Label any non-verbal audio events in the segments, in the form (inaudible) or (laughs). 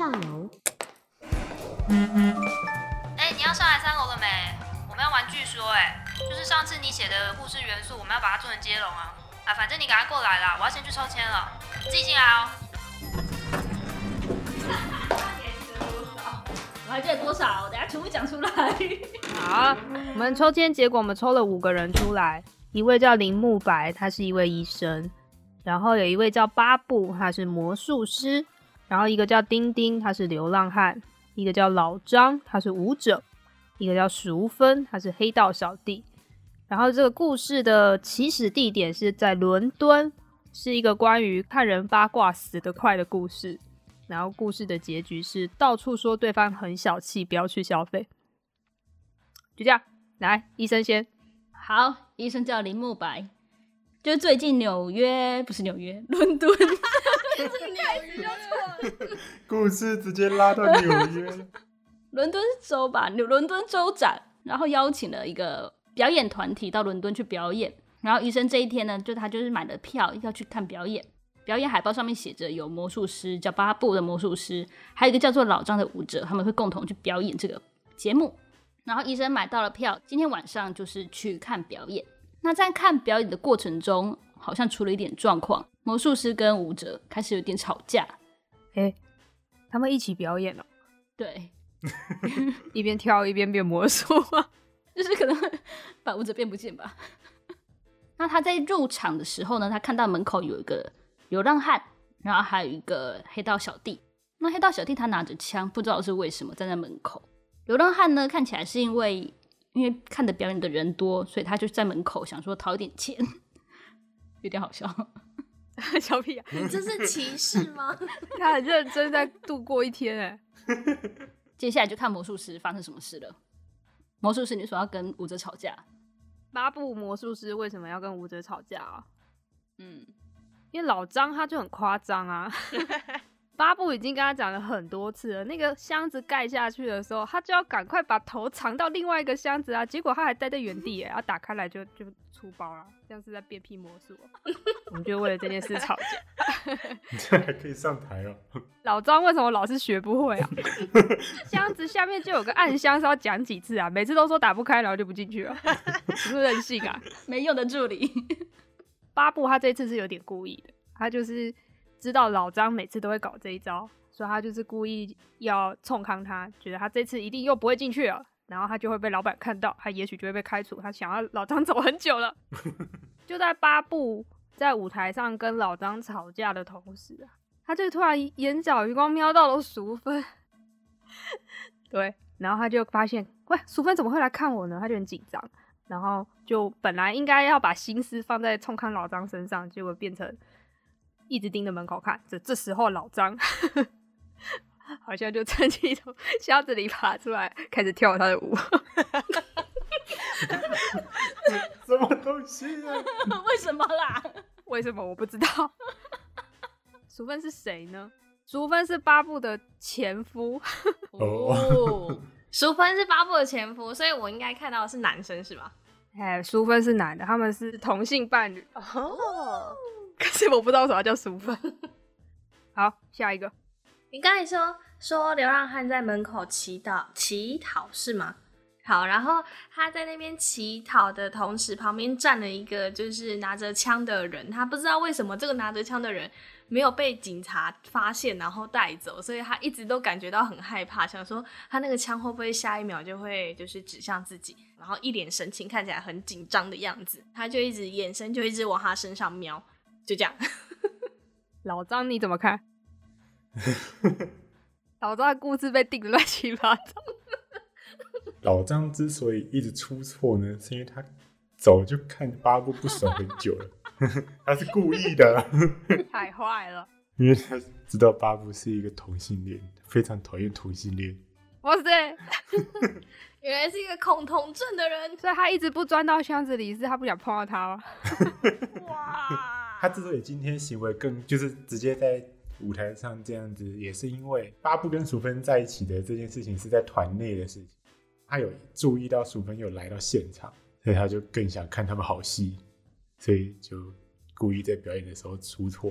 上樓。哎、欸，你要上來三樓了沒？我們要玩劇說，欸，哎，就是上次你寫的故事元素，我們要把它做成接龍啊。啊，反正你趕快過來啦，我要先去抽籤了，自己進來哦、喔 (laughs) 。我還記得多少？我等下全部講出來。好，我們抽籤結果，我們抽了五個人出來，一位叫林木白，他是一位醫生，然後有一位叫巴布，他是魔術師。然後一個叫丁丁，他是流浪漢；一個叫老張，他是舞者；一個叫淑芬，他是黑道小弟。然後這個故事的起始地點是在倫敦，是一個關於看人八卦死得快的故事。然後故事的結局是到處說對方很小氣，不要去消費。就這樣，來，醫生先。好，醫生叫林木白，就是最近紐約不是紐約，倫敦。 (laughs) (laughs) 就了了 (laughs) 故事直接拉到紐約， (laughs) 倫敦州吧，紐倫敦州長，然後邀請了一個表演團體到倫敦去表演。然後醫生這一天呢，就他就是買了票要去看表演。表演海報上面寫着有魔術師叫巴布的魔術師，還有一個叫做老張的舞者，他們會共同去表演這個節目。然後醫生買到了票，今天晚上就是去看表演。那在看表演的過程中。好像出了一點狀況，魔術師跟舞者開始有點吵架。哎、欸，他們一起表演了，哦，對， (laughs) 一邊跳一邊變魔術 (laughs) 就是可能會把舞者變不見吧。 (laughs) 那他在入場的時候呢，他看到門口有一個流浪漢，然後還有一個黑道小弟。那黑道小弟他拿着槍，不知道是為什麼站在門口。流浪漢呢，看起來是因為因為看的表演的人多，所以他就在門口想說討一點錢。有點好笑， (laughs) 小屁、啊，這是歧視嗎？ (laughs) 他很認真在度過一天、欸，哎，接下來就看魔術師發生什麼事了。魔術師，你說要跟武則吵架？八部魔術師為什麼要跟武則吵架啊？嗯，因為老張他就很誇張啊。 (laughs) 巴布已經跟他講了很多次了，那個箱子蓋下去的時候，他就要趕快把頭藏到另外一個箱子啊。結果他還待在原地，欸，然後要打開來就就出包了，像是在變屁魔術。喔。 (laughs) 我們就為了這件事吵架？你 (laughs) 這還可以上台哦？老張為什麼老是學不會啊？ (laughs) 箱子下面就有個暗箱，是要講幾次啊？每次都說打不開，然後就不進去了， (laughs) 是不是任性啊？沒用的助理。 (laughs) 巴布他這次是有點故意的，他就是。知道老張每次都會搞這一招，所以他就是故意要衝康他，覺得他這次一定又不會進去了，然後他就會被老板看到，他也許就會被開除。他想要老張走很久了， (laughs) 就在八步在舞台上跟老張吵架的同時啊，他就突然眼角餘光瞄到了淑芬， (laughs) 對，然後他就發現，喂，淑芬怎麼會來看我呢？他就很緊張，然後就本來應該要把心思放在衝康老張身上，結果變成。一直盯着門口看，這這時候老張 (laughs) 好像就趁機從箱子裡爬出來，開始跳他的舞。 (laughs) (laughs) 什麼東西啊？ (laughs) 為什麼啦？ (laughs) 為什麼我不知道？淑芬 (laughs) 是誰呢？淑芬是巴布的前夫。哦，淑芬是巴布的前夫，所以我應該看到的是男生是吧？哎，淑芬、hey, 是男的，他們是同性伴侶。哦。Oh. 可是我不知道什麼叫十五分。 (laughs) 好，下一個。你剛才說，說流浪漢在門口乞討，乞討是嗎？好，然後他在那邊乞討的同時，旁邊站了一個就是拿着槍的人。他不知道為什麼這個拿着槍的人沒有被警察發現然後帶走，所以他一直都感覺到很害怕，想說他那個槍會不會下一秒就會就是指向自己，然後一臉神情看起來很緊張的樣子，他就一直眼神就一直往他身上瞄。就這樣， (laughs) 老張你怎麼看？ (laughs) 老張的故事被定的亂七八糟。 (laughs) 老張之所以一直出錯呢，是因為他早就看巴布不爽很久了， (laughs) 他是故意的， (laughs) 太壞了。 (laughs) 因為他知道巴布是一個同性戀，非常討厭同性戀。哇塞，原來是一個恐同症的人。 (laughs) 所以他一直不鑽到箱子裡，是他不想碰到他嗎？ (laughs) (laughs) 哇！他之所以今天行為更就是直接在舞台上這樣子，也是因為巴布跟淑芬在一起的這件事情是在團內的事情，他有注意到淑芬有來到現場，所以他就更想看他們好戲，所以就故意在表演的時候出錯。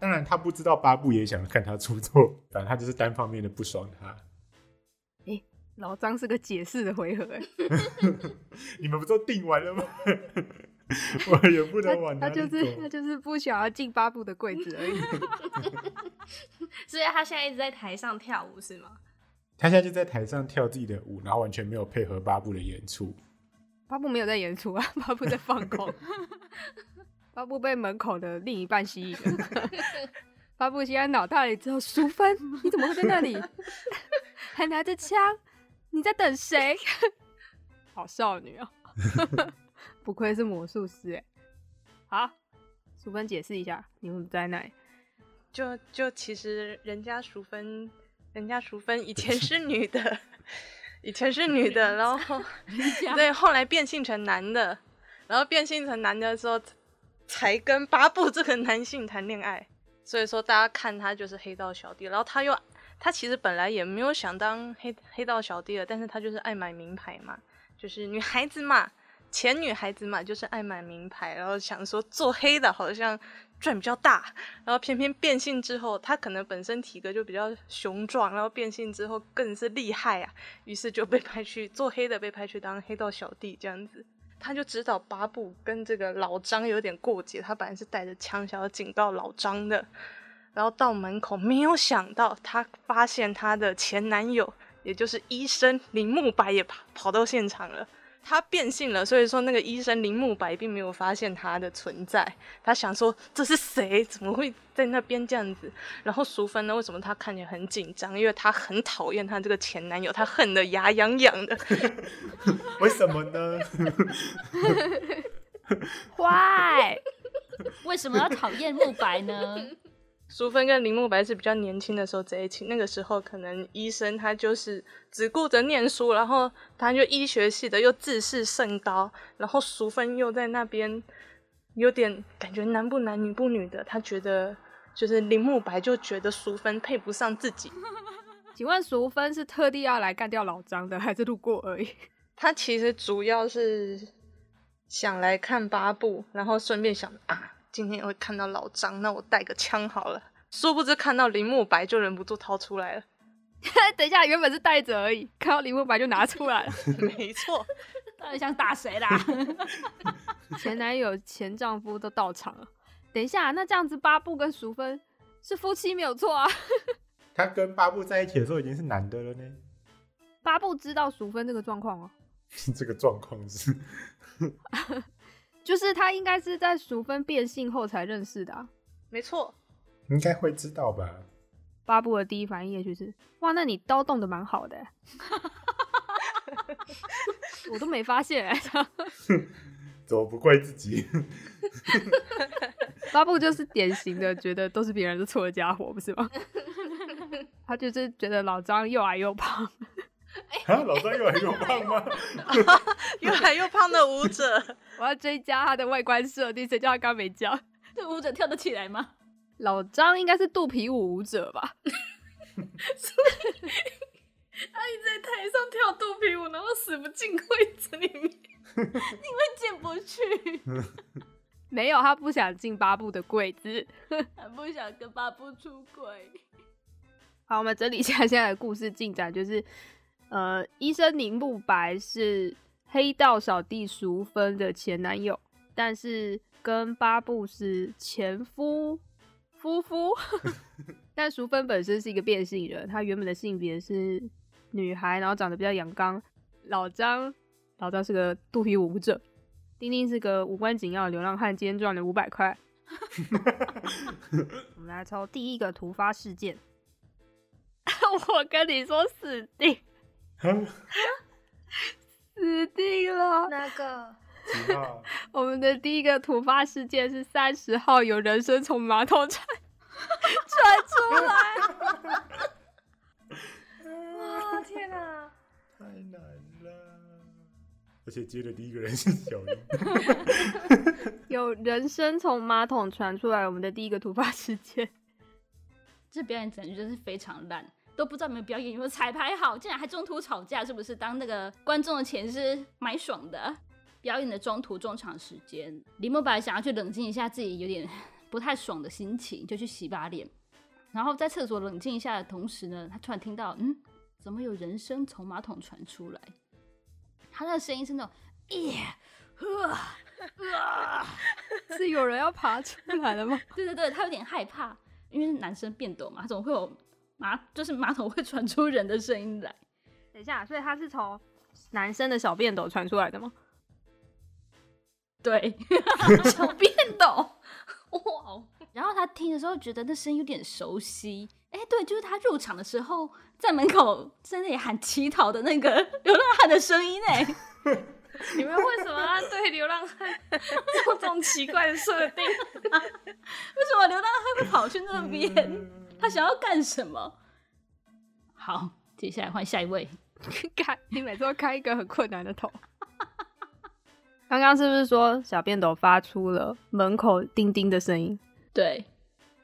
當然他不知道巴布也想看他出錯，反正他就是單方面的不爽他。哎、欸，老張是個解釋的回合、欸， (laughs) (laughs) 你們不都定完了嗎？ (laughs) (laughs) 我也不能玩，他就是他就是不想要進巴布的櫃子而已。 (laughs) 所以他現在一直在台上跳舞是嗎？他現在就在台上跳自己的舞，然後完全沒有配合巴布的演出。巴布沒有在演出啊，巴布在放空。 (laughs) 巴布被門口的另一半吸引了。 (laughs) 巴布現在腦袋裡只有淑芬，你怎麼會在那裡？ (laughs) 還拿着槍？你在等誰？ (laughs) 好少女喔！ (laughs) 不愧是魔術師誒。好，淑芬解釋一下，你們在哪？就就其實人家淑芬，人家淑芬以前是女的， (laughs) 以前是女的，然後 (laughs) 對後來變性成男的，然後變性成男的時候才跟八部這個男性談戀愛，所以說大家看他就是黑道小弟，然後他又他其實本來也沒有想當黑黑道小弟了，但是他就是愛買名牌嘛，就是女孩子嘛。前女孩子嘛，就是愛買名牌，然後想說做黑的好像賺比較大，然後偏偏變性之後，她可能本身體格就比較雄壯，然後變性之後更是厲害啊，於是就被派去做黑的，被派去當黑道小弟這樣子。他就知道八部跟這個老張有點過節，他本來是帶着槍想要警告老張的，然後到門口，沒有想到他發現他的前男友，也就是醫生林慕白也跑跑到現場了。他變性了，所以說那個醫生林慕白並沒有發現他的存在。他想說這是誰？怎麼會在那邊這樣子？然後淑芬呢？為什麼她看起來很緊張？因為她很討厭她這個前男友，她恨得牙癢癢的。為什麼呢？Why？為什麼要討厭慕白呢？淑芬跟林慕白是比較年輕的時候在一起，那個時候可能醫生他就是只顧着唸書，然後他就醫學系的又自視甚高，然後淑芬又在那邊有點感覺男不男女不女的，他覺得就是林慕白就覺得淑芬配不上自己。請問淑芬是特地要來幹掉老張的，還是路過而已？ (laughs) 他其實主要是想來看八卦，然後順便想啊。今天也會看到老張，那我帶個槍好了。殊不知看到林木白就忍不住掏出來了。 (laughs) 等一下，原本是帶着而已，看到林木白就拿出來了。 (laughs) 沒錯，到底想打誰啦？ (laughs) 前男友、前丈夫都到場了。等一下，那這樣子，巴布跟淑芬是夫妻沒有錯啊？ (laughs) 他跟巴布在一起的時候已經是男的了呢。巴布知道淑芬這個狀況嗎？ (laughs) 這個狀況是。 (laughs) (laughs) 就是他應該是在淑芬變性後才認識的。啊，沒錯錯，應該會知道吧？巴布的第一反應也就是，哇，那你刀動得蠻好的。欸， (laughs) 我都沒發現。欸， (laughs) (laughs) 怎麼不怪自己？ (laughs) 巴布就是典型的覺得都是別人的錯的家伙，不是嗎？ (laughs) 他就是覺得老張又矮又胖。欸、啊，老張又矮又胖嗎？又矮、 (laughs) 哦、又胖的舞者， (laughs) 我要追加他的外觀設定，誰叫他剛沒叫，這舞者跳得起來嗎？老張應該是肚皮舞舞者吧？ (laughs) (laughs) 他一直在台上跳肚皮舞，然後死不進櫃子裡面，因為進不去。 (laughs) 沒有，他不想進巴布的櫃子， (laughs) 他不想跟巴布出軌。 (laughs) 好，我們整理一下現在的故事進展，就是。呃，醫生林木白是黑道小弟淑芬的前男友，但是跟巴布是前夫夫夫， (laughs) 但淑芬本身是一個變性人，她原本的性別是女孩，然後長得比較陽剛。老張，老張是個肚皮舞者，丁丁是個無關緊要的流浪漢，今天賺了五百塊。我們來抽第一個突發事件。 (laughs) 我跟你說，死定。 (laughs) 死定了！哪個？ (laughs) 我們的第一個突發事件是三十號有人聲從馬桶傳傳 (laughs) 出來。啊、 (laughs) 嗯！天哪！太難了！而且接着第一個人是小人 (laughs) (laughs) 有人聲從馬桶傳出來，我們的第一個突發事件。這表演簡直就是非常爛。都不知道有沒有表演，有沒有彩排好，竟然還中途吵架，是不是？當那個觀眾的錢是蠻爽的。表演的中途中場時間，李莫白想要去冷靜一下自己有點不太爽的心情，就去洗把臉。然後在廁所冷靜一下的同時呢，他突然聽到，嗯，怎麼有人聲從馬桶傳出來？他那個聲音是那種，耶啊啊、 (laughs) 是有人要爬出來了嗎？ (laughs) 對對對，他有點害怕，因為男生變抖嘛，他怎麼會有？馬就是馬桶會傳出人的聲音來，等一下，所以他是從男生的小便斗傳出來的嗎？對， (laughs) 小便斗， (laughs) 哇！然後他聽的時候覺得那聲音有點熟悉，哎、欸，對，就是他入場的時候在門口在那裡喊乞討的那個流浪漢的聲音哎。 (laughs) 你們為什麼對流浪漢做這種奇怪的設定、？ (laughs) 啊？為什麼流浪漢會跑去那邊？嗯他想要幹什麼？好，接下來換下一位。 (laughs) 你每次都開一個很困難的頭。剛剛 (laughs) 是不是說小便斗發出了門口叮叮的聲音？對，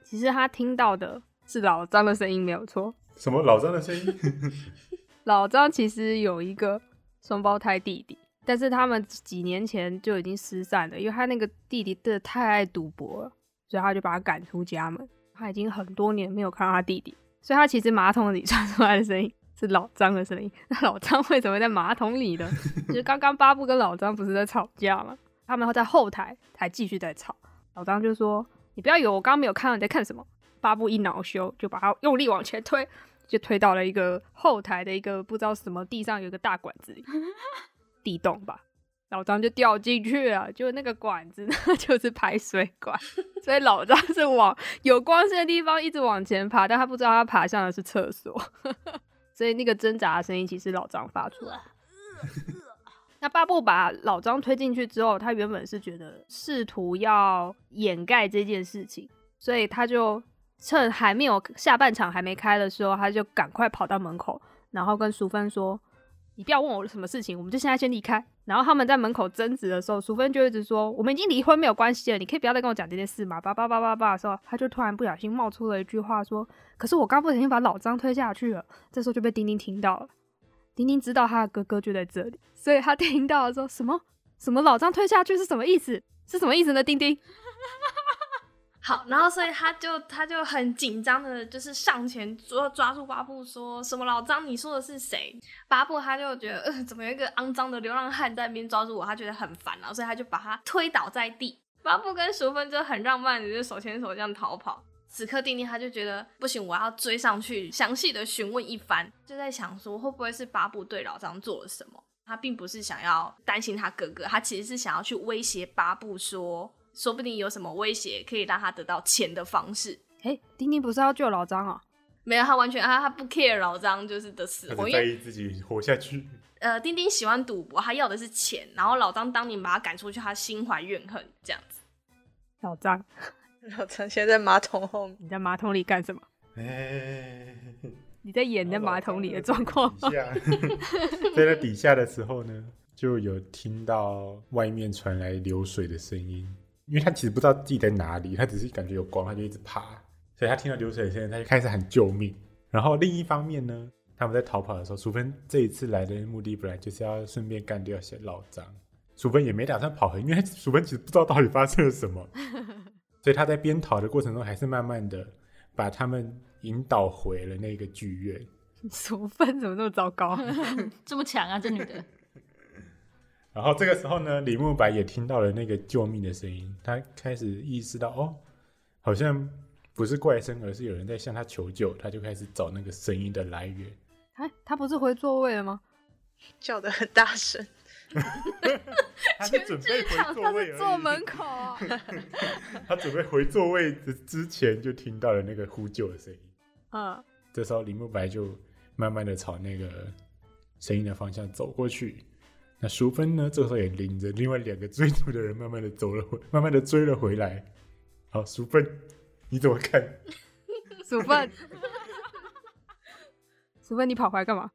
其實他聽到的是老張的聲音，沒有錯。什麼老張的聲音？ (laughs) 老張其實有一個雙胞胎弟弟，但是他們幾年前就已經失散了，因為他那個弟弟真的太愛賭博了，所以他就把他趕出家門。他已經很多年沒有看到他弟弟，所以他其實馬桶裡傳出來的聲音是老張的聲音。那老張為什麼會在馬桶裡呢？ (laughs) 就是剛剛巴布跟老張不是在吵架嗎？他們在後台還繼續在吵，老張就說：“你不要以為我剛剛沒有看到你在看什麼。”巴布一惱羞，就把他用力往前推，就推到了一個後台的一個不知道什麼地上有一個大管子裡，地洞吧。老張就掉進去了，就那個管子，就是排水管，所以老張是往有光線的地方一直往前爬，但他不知道他爬向的是廁所， (laughs) 所以那個掙扎的聲音其實老張發出來。 (laughs) 那巴布把老張推進去之後，他原本是覺得試圖要掩蓋這件事情，所以他就趁還沒有下半場還沒開的時候，他就趕快跑到門口，然後跟淑芬說。你不要問我什麼事情，我們就現在先離開。然後他們在門口爭執的時候，淑芬就一直說：“我們已經離婚沒有關係了，你可以不要再跟我講這件事嘛。”叭叭叭叭叭的時候，他就突然不小心冒出了一句話說：“可是我剛不小心把老張推下去了。”這時候就被丁丁聽到了。丁丁知道他的哥哥就在這裡，所以他聽到了說：“什麼什麼老張推下去是什麼意思？是什麼意思呢？”丁丁。好，然後所以他就他就很緊張的，就是上前抓抓住巴布說，說什麼老張，你說的是誰？巴布他就覺得，呃，怎麼有一個骯髒的流浪漢在那邊抓住我，他覺得很煩了，所以他就把他推倒在地。巴布跟淑芬就很浪漫的就手牽手這樣逃跑。此刻丁丁他就覺得不行，我要追上去詳細的詢問一番，就在想說會不會是巴布對老張做了什麼？他並不是想要擔心他哥哥，他其實是想要去威脅巴布說。說不定有什麼威脅可以讓他得到錢的方式。哎、欸，丁丁不是要救老張啊？沒有，他完全啊，他不 care 老張就是的死，他在意自己活下去。呃，丁丁喜歡賭博，他要的是錢。然後老張當年把他趕出去，他心懷怨恨，這樣子。老張張，老張現在，在馬桶後面，你在馬桶裡幹什麼？哎、欸，你在演在馬桶裡的狀況下， (laughs) 在在底下的時候呢，就有聽到外面傳來流水的聲音。因為他其實不知道自己在哪裡，他只是感覺有光，他就一直爬。所以他聽到流水聲，他就開始喊救命。然後另一方面呢，他們在逃跑的時候，淑芬這一次來的目的本來就是要順便幹掉一些老張。淑芬也沒打算跑回，因為淑芬其實不知道到底發生了什麼，所以他在邊逃的過程中，還是慢慢的把他們引導回了那個劇院。淑芬怎麼這麼糟糕， (laughs) 這麼強啊，這女的。然後這個時候呢，李慕白也聽到了那個救命的聲音，他開始意識到哦，好像不是怪聲，而是有人在向他求救，他就開始找那個聲音的來源。他他不是回座位了嗎？叫得很大聲，他準備回座位了，他在坐門口。他準備回座位之之前就聽到了那個呼救的聲音。啊、嗯，這時候李慕白就慢慢的朝那個聲音的方向走過去。那淑芬呢？這時候也領着另外兩個追逐的人慢慢地，慢慢的走了，慢慢的追了回來。好，淑芬，你怎麼看？淑芬，淑芬，你跑回來幹嘛？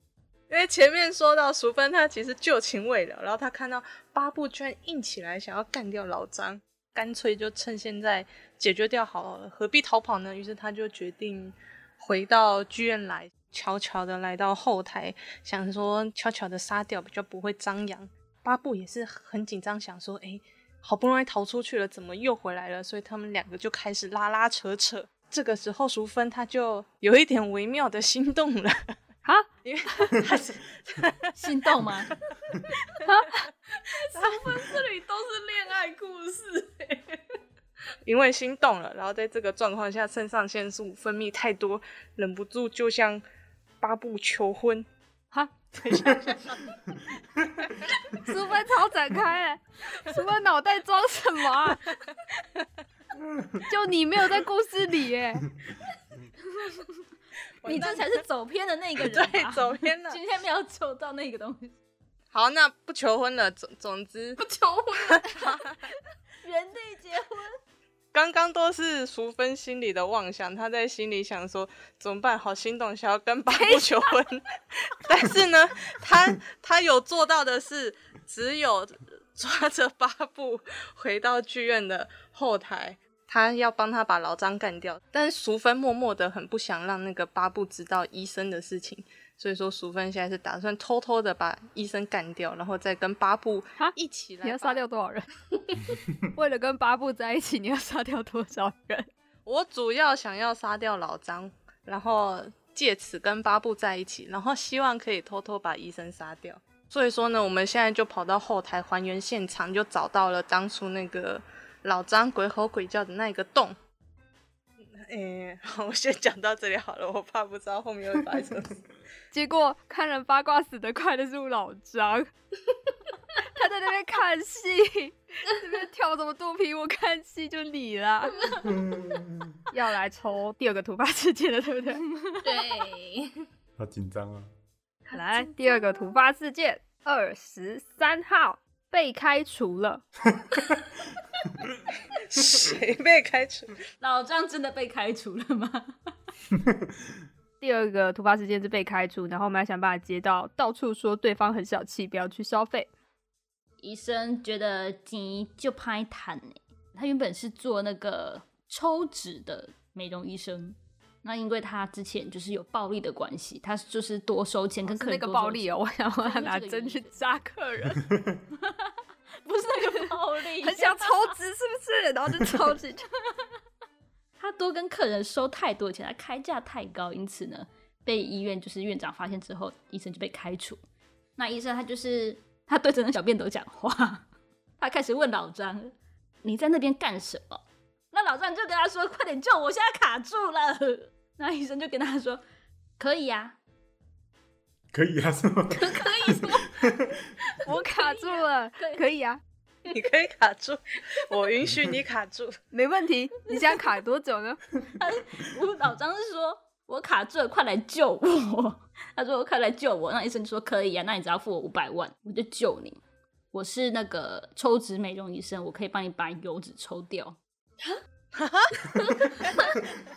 因為前面說到，淑芬她其實舊情未了，然後她看到八部居然硬起來，想要幹掉老張，乾脆就趁現在解決掉好了，何必逃跑呢？於是她就決定回到劇院來。悄悄的來到後台，想說悄悄的殺掉，比較不會張揚。巴布也是很緊張，想說：“哎、欸，好不容易逃出去了，怎麼又回來了？”所以他們兩個就開始拉拉扯扯。這個時候，淑芬他就有一點微妙的心動了啊，因為 (laughs) 心動嗎？啊、淑芬這裡都是戀愛故事、欸，因為心動了，然後在這個狀況下，腎上腺素分泌太多，忍不住就像。發布求婚，哈！等一下，求婚超展開，腦什麼腦袋裝什麼？ (laughs) (laughs) 就你沒有在故事裡，哎， (laughs) 你這才是走偏的那個人， (laughs) 對，走偏了，今天沒有求到那個東西。好，那不求婚了。總總之，不求婚了， (laughs) 原地結婚。剛剛都是淑芬心裡的妄想，她在心裡想說怎麼辦？好心動，想要跟巴布求婚。但是呢，她，她有做到的是，只有抓着巴布回到劇院的後台，她要幫他把老張幹掉。但淑芬默默的很不想讓那個巴布知道醫生的事情。所以說，淑芬現在是打算偷偷的把醫生幹掉，然後再跟巴布一起來、啊。你要殺掉多少人？ (laughs) 為了跟巴布在一起，你要殺掉多少人？ (laughs) 我主要想要殺掉老張，然後借此跟巴布在一起，然後希望可以偷偷把醫生殺掉。所以說呢，我們現在就跑到後台還原現場，就找到了當初那個老張鬼吼鬼叫的那個洞。哎， (laughs) 我先講到這裡好了，我怕不知道後面會發生。 (laughs) 結果看人八卦死得快的是我老張， (laughs) 他在那邊看戲，那 (laughs) 邊跳什麼肚皮舞看戲就你了、 (laughs) 嗯，要來抽第二個突發事件了，對不對？對，好緊張啊！來第二個突發事件，二十三號被開除了， (laughs) 誰被開除了？老張真的被開除了嗎？ (laughs) 第二個突發事件是被開除，然後我們還想辦法接到，到處說對方很小氣，不要去消費。醫生覺得錦衣就拍坦誒、欸，他原本是做那個抽脂的美容醫生，那因為他之前就是有暴力的關係，他就是多收錢跟客人那個暴力哦，我想他拿針去扎客人， (laughs) 不是那個暴力， (laughs) (laughs) 很想抽脂是不是？然後就抽脂。 (laughs) 他多跟客人收太多錢，他開價太高，因此呢，被醫院就是院長發現之後，醫生就被開除。那醫生他就是他對着那小便斗講話，他開始問老張：“你在那邊幹什麼？”那老張就跟他說：“快點救我，我現在卡住了。”那醫生就跟他說：“可以呀，可以呀、啊啊，是嗎？可以說我卡住了，可以呀、啊。可以啊”可以啊。你可以卡住，我允許你卡住， (laughs) 沒問題。你想卡多久呢？老張 (laughs) 說：“我卡住了，快來救我！”他說：“快來救我！”那醫生說：“可以啊，那你只要付我五百萬，我就救你。我是那個抽脂美容醫生，我可以幫你把油脂抽掉，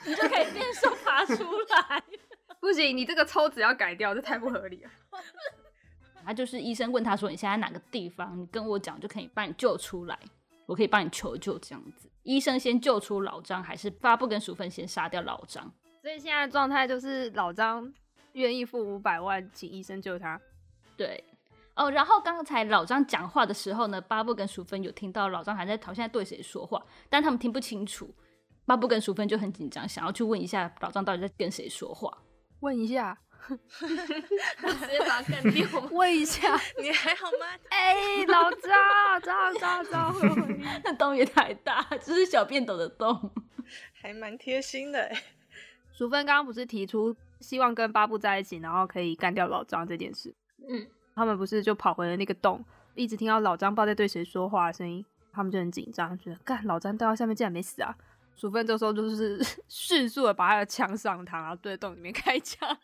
你就可以變瘦，拔出來。 (laughs) 不行，你這個抽脂要改掉，這太不合理了。 (laughs) ”他就是醫生問他說：“你現在哪個地方？你跟我講，就可以幫你救出來。我可以幫你求救，這樣子。”醫生先救出老張，還是巴布跟淑芬先殺掉老張？所以現在狀態就是老張願意付五百萬請醫生救他。對哦，然後剛才老張講話的時候呢，巴布跟淑芬有聽到老張還在吵，現在對誰說話，但他們聽不清楚。巴布跟淑芬就很緊張，想要去問一下老張到底在跟誰說話，問一下。直接把他幹掉！ (laughs) 問一下， (laughs) 你還好嗎？哎、欸，老張，張張張， (laughs) 那洞也太大，這、就是小便斗的洞，還蠻貼心的哎。淑芬剛剛不是提出希望跟巴布在一起，然後可以幹掉老張這件事？嗯，他們不是就跑回了那個洞，一直聽到老張不知道在對誰說話的聲音，他們就很緊張，覺得幹老張到下面竟然沒死啊！淑芬這時候就是迅速的把他的槍上膛，然後對洞裡面開槍。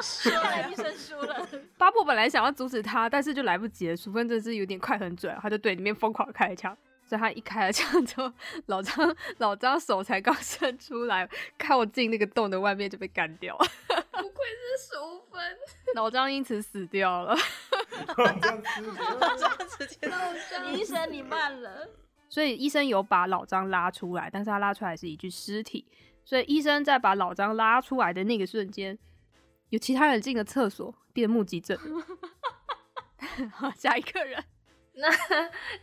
輸了，醫生輸了。了 (laughs) 八婆本來想要阻止他，但是就來不及了。淑芬真是有點快狠準，他就對裡面瘋狂開槍。所以他一開了槍之後，老張老張手才剛伸出來，靠近那個洞的外面就被幹掉了。不愧是淑芬，老張因此死掉了。 (laughs) (laughs) 老張直接，醫生你慢了。所以醫生有把老張拉出來，但是他拉出來是一具屍體。所以醫生在把老張拉出來的那個瞬間，有其他人進了廁所，變目擊證了。 (laughs) (laughs) 好，下一個人。那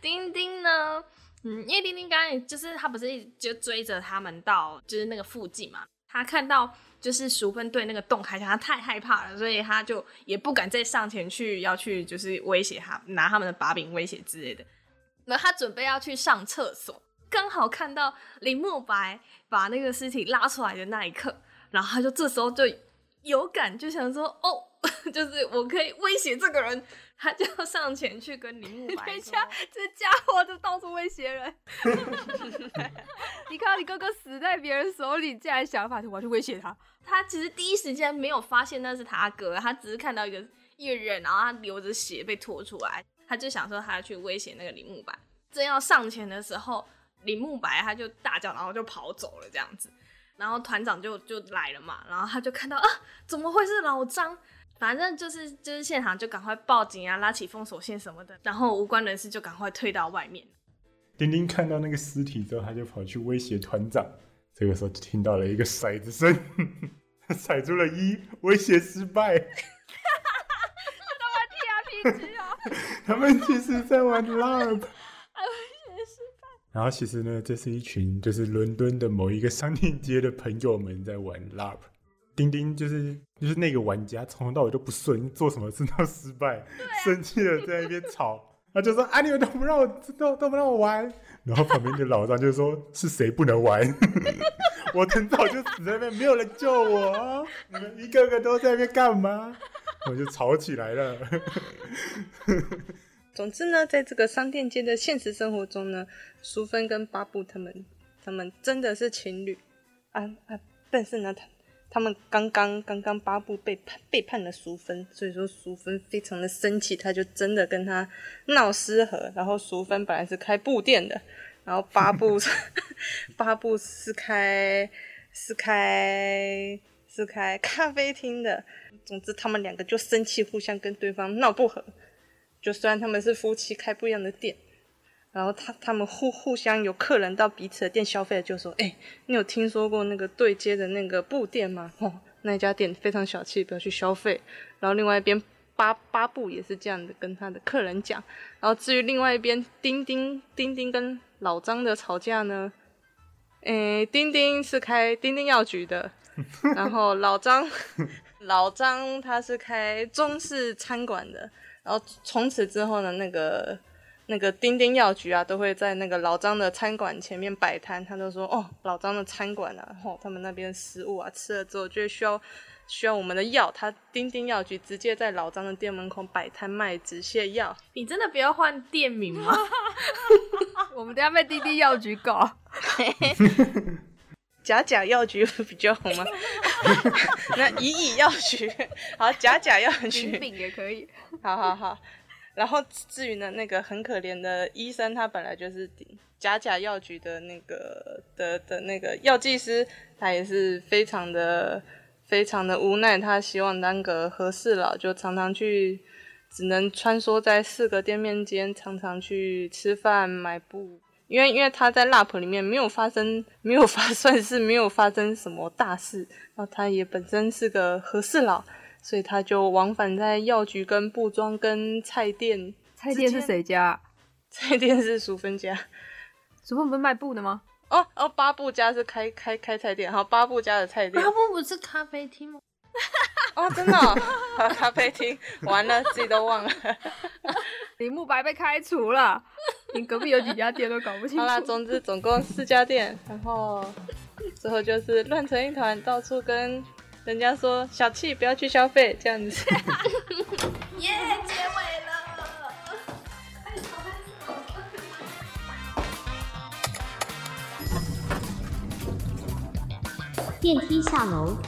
丁丁呢？嗯，因為丁丁剛剛就是他不是一直就追着他們到就是那個附近嘛，他看到就是淑芬對那個洞開槍，他太害怕了，所以他就也不敢再上前去要去就是威脅他，拿他們的把柄威脅之類的。他準備要去上廁所，剛好看到林慕白把那個屍體拉出來的那一刻，然後他就這時候就有感，就想說：“哦，就是我可以威脅這個人。”他就要上前去跟林慕白講：“這家伙就到處威脅人。” (laughs) (laughs) 你看到你哥哥死在別人手裡，這樣的想法，我要去威脅他。他其實第一時間沒有發現那是他哥，他只是看到一個一個人，然後他流着血被拖出來。他就想說他要去威脅那個林慕白，正要上前的時候，林慕白他就大叫，然後就跑走了這樣子，然後團長就就來了嘛，然後他就看到啊，怎麼會是老張？反正就是就是現場就趕快報警啊，拉起封鎖線什麼的，然後無關人士就趕快退到外面。丁丁看到那個屍體之後，他就跑去威脅團長，這個時候就聽到了一個骰子聲，骰 (laughs) 住了一，威脅失敗。哈哈哈哈哈哈！我的天啊，鼻 (laughs) 他們其實在玩 LARP，然後其實呢，這是一群就是倫敦的某一個商店街的朋友們在玩 LARP。丁丁就是就是那個玩家，從頭到尾都不順，做什麼事都失敗，啊、生氣的在一邊吵， (laughs) 他就說：“啊，你們都不讓我，都都不讓我玩。”然後旁邊的老張就說：“ (laughs) 是誰不能玩？ (laughs) 我很早就死在那邊，沒有人救我，你們一個個都在那邊幹嘛？” (laughs) 我就吵起來了。 (laughs) 總之呢，在這個商店街的現實生活中呢，淑芬跟巴布他們他們真的是情侶啊啊！但是呢，他他們剛剛剛剛巴布背叛背叛了淑芬，所以說淑芬非常的生氣，他就真的跟他鬧失和。然後淑芬本來是開布店的，然後巴布 (laughs) (laughs) 巴布是開是開是開咖啡廳的。總之，他們兩個就生氣，互相跟對方鬧不和。就雖然他們是夫妻，開不一樣的店，然後他他們互互相有客人到彼此的店消費，就說：“哎、欸，你有聽說過那個對接的那個布店嗎？哦，那家店非常小氣，不要去消費。”然後另外一邊巴巴布也是這樣的，跟他的客人講。然後至於另外一邊丁丁丁丁跟老張的吵架呢，誒、欸，丁丁是開丁丁藥局的，然後老張。 (laughs) 老張他是開中式餐館的，然後從此之後呢，那個那個丁丁藥局啊，都會在那個老張的餐館前面擺攤。他就說：“哦，老張的餐館啊，然後、哦、他們那邊食物啊吃了之後，就會需要需要我們的藥。他丁丁藥局直接在老張的店門口擺攤攤賣止瀉藥。你真的不要換店名嗎？ (laughs) (laughs) 我們都要被丁丁藥局告。 (laughs) ” (laughs) 假假藥局比較好嗎？ (laughs) (laughs) 那乙乙藥局 (laughs) 好，假假藥局病病也可以。好好好，然後至於呢，那個很可憐的醫生，他本來就是假假藥局的那個的的那個藥劑師，他也是非常的非常的無奈，他希望當個和事佬，就常常去，只能穿梭在四個店面間，常常去吃飯買布。因為因為他在拉普裡面沒有發生，沒有發算是沒有發生什麼大事，然後他也本身是個和事佬，所以他就往返在藥局、跟布莊、跟菜店。菜店是誰家？菜店是淑芬家。淑芬不是賣布的嗎？哦哦，巴布家是開開開菜店，然後巴布家的菜店。巴布不是咖啡廳嗎？ (laughs) 哦，真的，哦， (laughs) 咖啡廳 (laughs) 完了，自己都忘了。李慕白被開除了， (laughs) 你隔壁有幾家店都搞不清？好啦，總之總共四家店，然後之後就是亂成一團，到處跟人家說小氣，不要去消費，這樣子。耶， (laughs) yeah, 結尾了，哎， (laughs) (laughs) 好難受。電梯下樓。